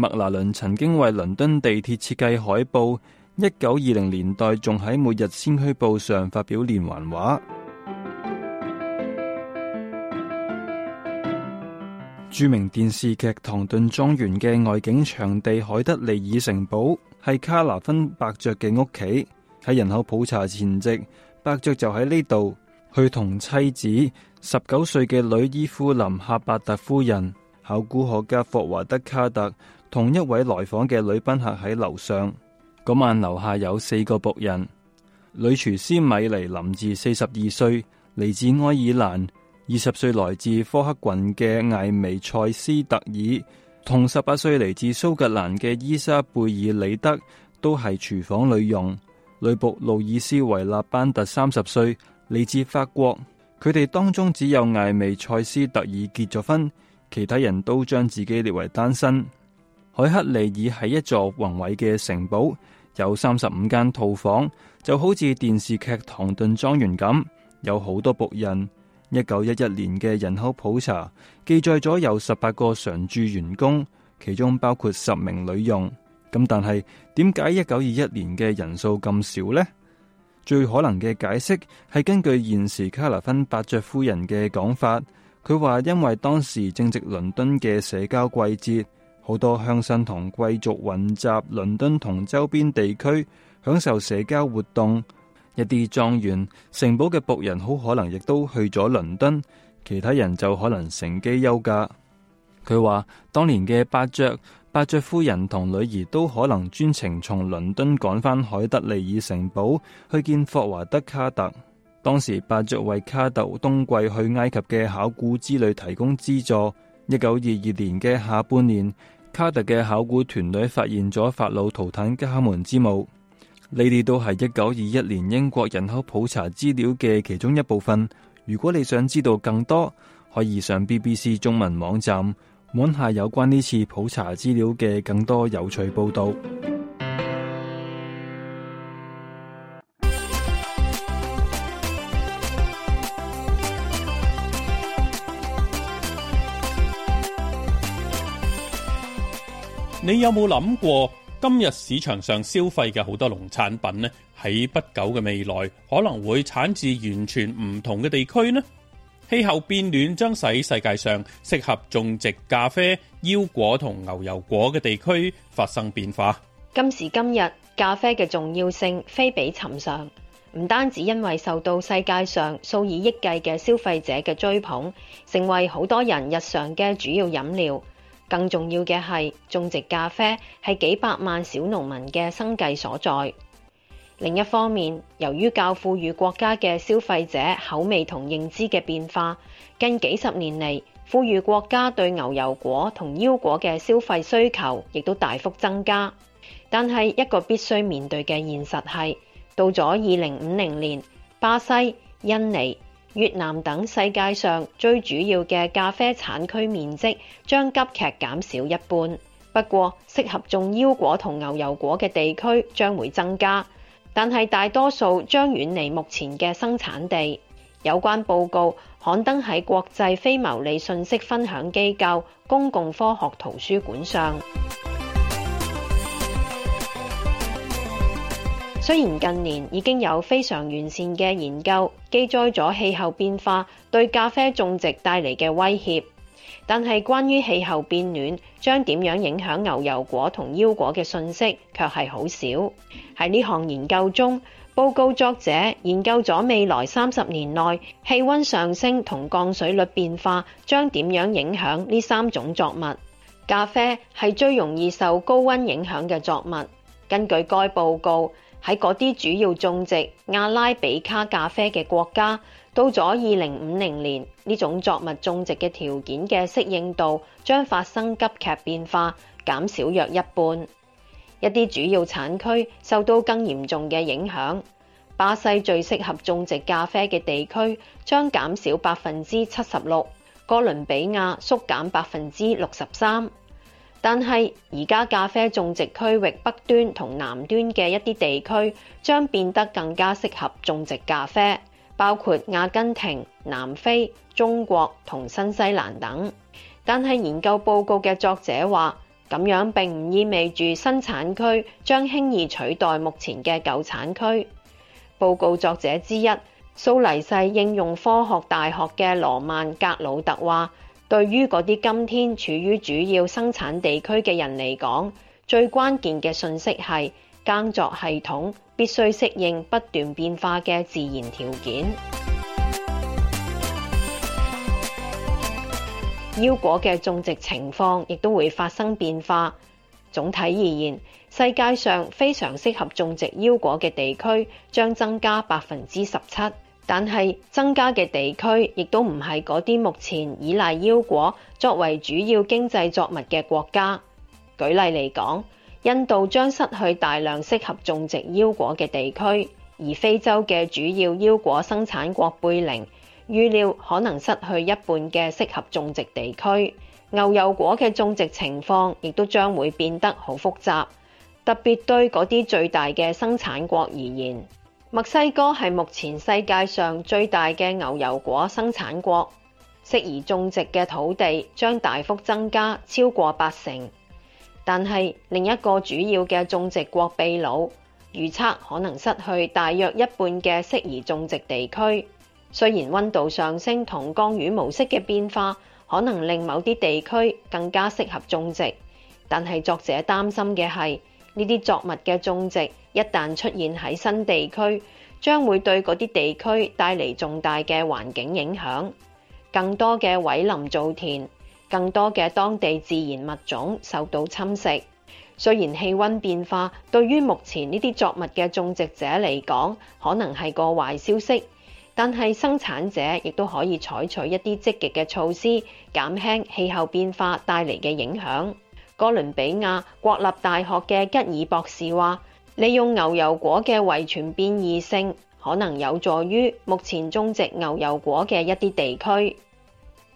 麥拿倫曾經為倫敦地鐵設計海報，一九二零年代仲喺《每日先驅報》上發表連環畫。 著名電視劇《唐頓莊園》嘅外景場地海德利爾城堡係卡納芬伯爵嘅屋企。喺人口普查前夕，伯爵就喺呢度去同妻子十九歲嘅女伊夫林·夏伯特夫人、考古學家霍華德·卡特同一位來訪嘅女賓客喺樓上。嗰晚樓下有四個僕人：女廚師米妮林治，自四十二歲，嚟自愛爾蘭；二十歲來自科克郡嘅艾薇·塞斯特爾，同十八歲嚟自蘇格蘭嘅伊莎貝爾·里德，都係廚房女傭。雷布路爾斯維納班特三十歲，嚟自法國。佢哋當中只有艾薇賽斯特爾結咗婚，其他人都將自己列為單身。海克利爾係一座宏偉嘅城堡，有三十五間套房，就好似電視劇《唐頓莊園》咁，有好多僕人。一九一一年嘅人口普查記載咗有十八個常駐員工，其中包括十名女傭。咁但係點解一九二一年嘅人數咁少呢？最可能嘅解釋係根據現時卡納芬伯爵夫人嘅講法，佢話因為當時正值倫敦嘅社交季節，好多鄉紳同貴族雲集倫敦同周邊地區享受社交活動，一啲莊園城堡嘅僕人好可能亦都去咗倫敦，其他人就可能乘機休假。佢話當年嘅伯爵。伯爵夫人同女兒都可能專程從倫敦趕返海德利爾城堡去見霍華德卡特。當時伯爵為卡特冬季去埃及嘅考古之旅提供資助。一九二二年嘅下半年，卡特嘅考古團隊發現咗法老圖坦卡門之墓。呢啲都係一九二一年英國人口普查資料嘅其中一部分。如果你想知道更多，可以上 BBC 中文網站。睇下有關呢次普查資料嘅更多有趣報道。 你有冇諗過，今日市場上消費嘅好多農產品呢，喺不久嘅未來，可能會產自完全唔同嘅地區呢？氣候變暖將使世界上適合種植咖啡、腰果同牛油果嘅地區發生變化。今時今日，咖啡嘅重要性非比尋常，唔單止因為受到世界上數以億計嘅消費者嘅追捧，成為好多人日常嘅主要飲料，更重要嘅係種植咖啡係幾百萬小農民嘅生計所在。另一方面，由於較富裕國家嘅消費者口味同認知嘅變化，近幾十年嚟，富裕國家對牛油果同腰果嘅消費需求亦都大幅增加。但係一個必須面對嘅現實係，到咗二零五零年，巴西、印尼、越南等世界上最主要嘅咖啡產區面積將急劇減少一半。不過，適合種腰果同牛油果嘅地區將會增加。但係大多數將遠離目前嘅生產地。有關報告刊登喺國際非牟利信息分享機構公共科學圖書館上。 雖然近年已經有非常完善嘅研究，記載咗氣候變化對咖啡種植帶嚟嘅威脅。但係關於氣候變暖將點樣影響牛油果同腰果嘅信息，卻係好少。喺呢項研究中，報告作者研究咗未來三十年內氣温上升同降水率變化將點樣影響呢三種作物。咖啡係最容易受高温影響嘅作物。根據該報告，喺嗰啲主要種植阿拉比卡咖啡嘅國家，到咗二零五零年，呢種作物種植嘅條件嘅適應度將發生急劇變化，減少約一半。一啲主要產區受到更嚴重嘅影響。巴西最適合種植咖啡嘅地區將減少百分之七十六，哥倫比亞縮減百分之六十三。但係而家咖啡種植區域北端同南端嘅一啲地區將變得更加適合種植咖啡。包括阿根廷、南非、中國同新西蘭等，但係研究報告嘅作者話，咁樣並唔意味住新產區將輕易取代目前嘅舊產區。報告作者之一蘇黎世應用科學大學嘅羅曼格魯特話，對於嗰啲今天處於主要生產地區嘅人嚟講，最關鍵嘅信息係耕作系統。必須適應不斷變化嘅自然條件，腰果嘅種植情況亦都會發生變化。總體而言，世界上非常適合種植腰果嘅地區將增加百分之十七，但係增加嘅地區亦都唔係嗰啲目前依賴腰果作為主要經濟作物嘅國家。舉例嚟講，印度將失去大量適合種植腰果嘅地區，而非洲嘅主要腰果生產國貝寧，預料可能失去一半嘅適合種植地區。牛油果嘅種植情況亦都將會變得好複雜，特別對嗰啲最大嘅生產國而言。墨西哥係目前世界上最大嘅牛油果生產國，適宜種植嘅土地將大幅增加，超過八成。但係另一個主要嘅種植國秘魯預測可能失去大約一半嘅適宜種植地區。雖然溫度上升同降雨模式嘅變化可能令某啲地區更加適合種植，但係作者擔心嘅係呢啲作物嘅種植一旦出現喺新地區，將會對嗰啲地區帶嚟重大嘅環境影響。更多嘅毀林造田。更多嘅當地自然物種受到侵蝕。雖然氣溫變化對於目前呢啲作物嘅種植者嚟講可能係個壞消息，但係生產者亦都可以採取一啲積極嘅措施，減輕氣候變化帶嚟嘅影響。哥倫比亞國立大學嘅吉爾博士話，利用牛油果嘅遺傳變異性，可能有助於目前種植牛油果嘅一啲地區。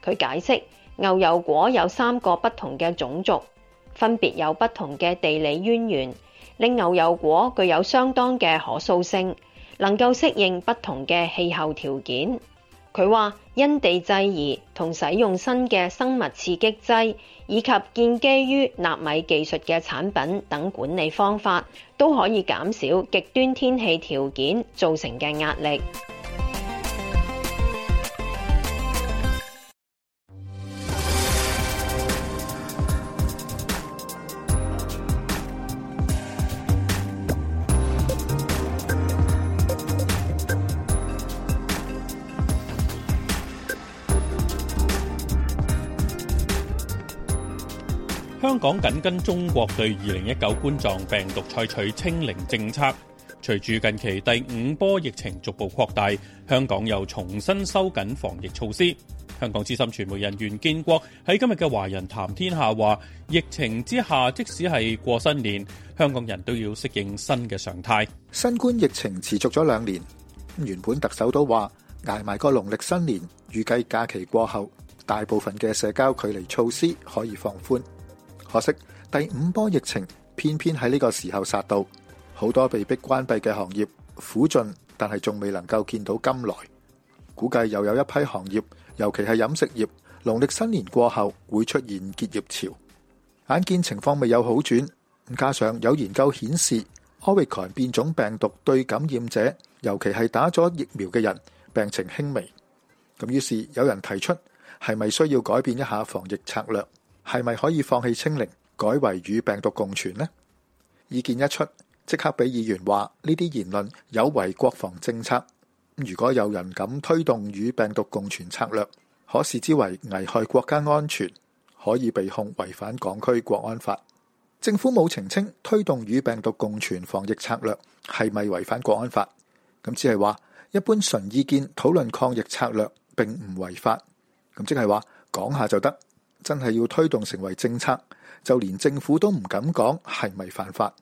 佢解釋。牛油果有三個不同嘅種族，分別有不同嘅地理淵源，令牛油果具有相當嘅可塑性，能夠適應不同嘅氣候條件。佢話因地制宜同使用新嘅生物刺激劑，以及建基於納米技術嘅產品等管理方法，都可以減少極端天氣條件造成嘅壓力。香港緊跟中國對二零一九冠狀病毒採取清零政策。隨住近期第五波疫情逐步擴大，香港又重新收緊防疫措施。香港資深傳媒人袁建國喺今日嘅《華人談天下》話：疫情之下，即使係過新年，香港人都要適應新嘅常態。新冠疫情持續咗兩年，原本特首都話挨埋個農曆新年，預計假期過後，大部分嘅社交距離措施可以放寬。可惜第五波疫情偏偏喺呢個時候殺到，好多被逼關閉嘅行業苦盡，但係仲未能夠見到甘來。估計又有一批行業，尤其係飲食業，農曆新年過後會出現結業潮。眼見情況未有好轉，加上有研究顯示奧密克戎變種病毒對感染者，尤其係打咗疫苗嘅人，病情輕微。咁於是有人提出，係咪需要改變一下防疫策略？係咪可以放棄清零，改為與病毒共存呢？意見一出，即刻俾議員話呢啲言論有違國防政策。如果有人敢推動與病毒共存策略，可視之為危害國家安全，可以被控違反港區國安法。政府冇澄清推動與病毒共存防疫策略係咪違反國安法，咁只係話一般純意見討論抗疫策略並唔違法，咁即係話講下就得。真係要推動成為政策，就連政府都唔敢講係咪犯法。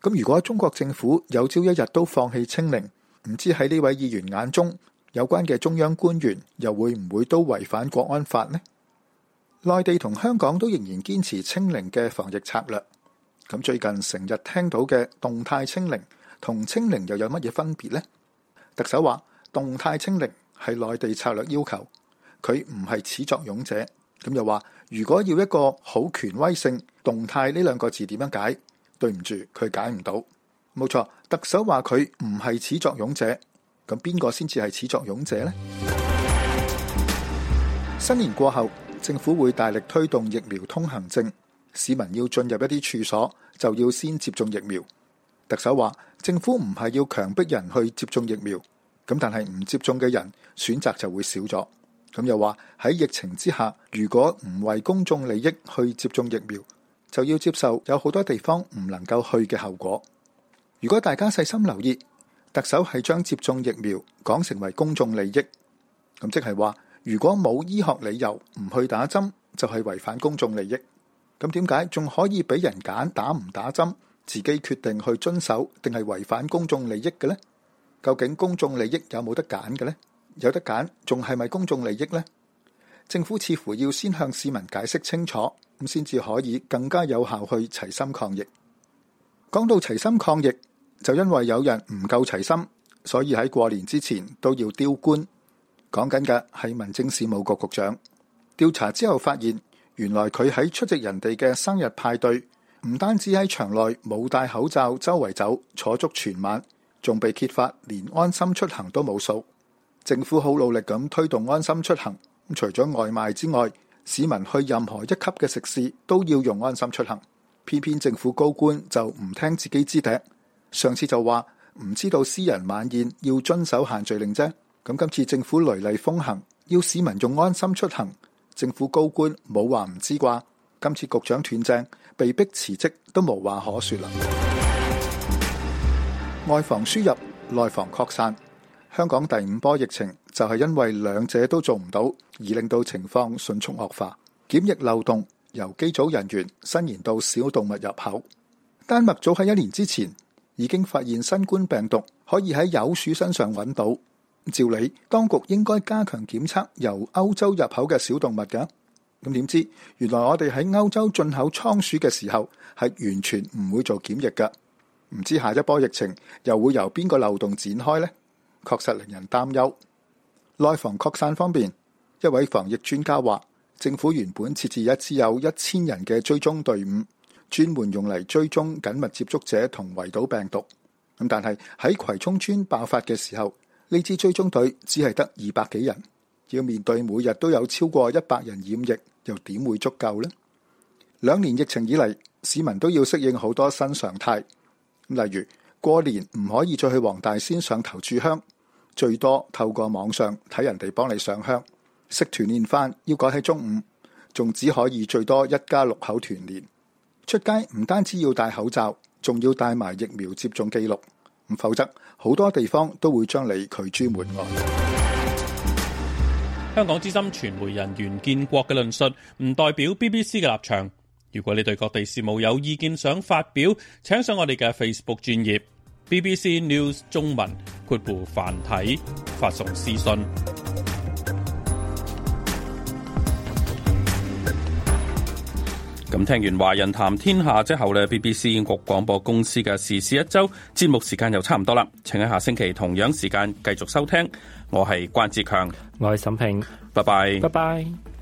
咁如果中國政府有朝一日都放棄清零，唔知喺呢位議員眼中，有關嘅中央官員又會唔會都違反國安法呢？內地同香港都仍然堅持清零嘅防疫策略。咁最近成日聽到嘅動態清零同清零又有乜嘢分別呢？特首話動態清零係內地策略要求，佢唔係始作俑者。咁又話。如果要一個好權威性動態呢兩個字點樣解？對唔住，佢解唔到。冇錯，特首話佢唔係始作俑者，咁邊個先至係始作俑者呢？ 新年過後，政府會大力推動疫苗通行證，市民要進入一啲處所就要先接種疫苗。特首話，政府唔係要強迫人去接種疫苗，咁但係唔接種嘅人選擇就會少咗。咁又話喺疫情之下，如果唔為公眾利益去接種疫苗，就要接受有好多地方唔能夠去嘅後果。如果大家細心留意，特首係將接種疫苗講成為公眾利益，咁即係話，如果冇醫學理由唔去打針，就係違反公眾利益。咁點解仲可以俾人揀打唔打針，自己決定去遵守定係違反公眾利益嘅呢？究竟公眾利益有冇得揀嘅呢？有得揀，仲係咪公眾利益呢？政府似乎要先向市民解釋清楚，咁先至可以更加有效去齊心抗疫。講到齊心抗疫，就因為有人唔夠齊心，所以喺過年之前都要丟官。講緊嘅係民政事務局局長，調查之後發現，原來佢喺出席人哋嘅生日派對，唔單止喺場內冇戴口罩周圍走、坐足全晚，仲被揭發連安心出行都冇數。政府好努力咁推動安心出行，除咗外賣之外，市民去任何一級嘅食肆，都要用安心出行。偏偏政府高官就唔聽自己支笛，上次就話唔知道私人晚宴要遵守限聚令啫。咁今次政府雷厲風行，要市民用安心出行，政府高官冇話唔知啩。今次局長斷正，被逼辭職都無話可說啦。 外防輸入，內防擴散。香港第五波疫情就係因為兩者都做唔到，而令到情況迅速惡化。檢疫漏洞由機組人員伸延到小動物入口。丹麥早喺一年之前已經發現新冠病毒可以喺有鼠身上揾到。照理當局應該加強檢測由歐洲入口嘅小動物嘅，咁點知原來我哋喺歐洲進口倉鼠嘅時候係完全唔會做檢疫嘅。唔知下一波疫情又會由邊個漏洞展開咧？確實令人擔憂。內防擴散方面，一位防疫專家話，政府原本設置一支有一千人嘅追蹤隊伍，專門用嚟追蹤緊密接觸者同圍堵病毒。咁但係喺葵涌村爆發嘅時候，呢支追蹤隊只係得二百幾人，要面對每日都有超過一百人染疫，又點會足夠呢？兩年疫情以嚟，市民都要適應好多新常態，例如過年唔可以再去黃大仙上頭炷香。最多透過網上睇人哋幫你上香，識團年翻，要改喺中午，仲只可以最多一家六口團年。出街唔單止要戴口罩，仲要帶埋疫苗接種記錄，否則好多地方都會將你拒諸門外。香港資深傳媒人袁建國嘅論述唔代表 BBC 嘅立場。如果你對各地事務有意見想發表，請上我哋嘅 Facebook 專頁。BBC News 中文括弧繁體發送私信。咁聽完華人談天下之後呢，BBC 英國廣播公司嘅時事一周節目時間又差唔多啦，請喺下星期同樣時間繼續收聽。我係關志強，我係沈平，拜拜，拜拜。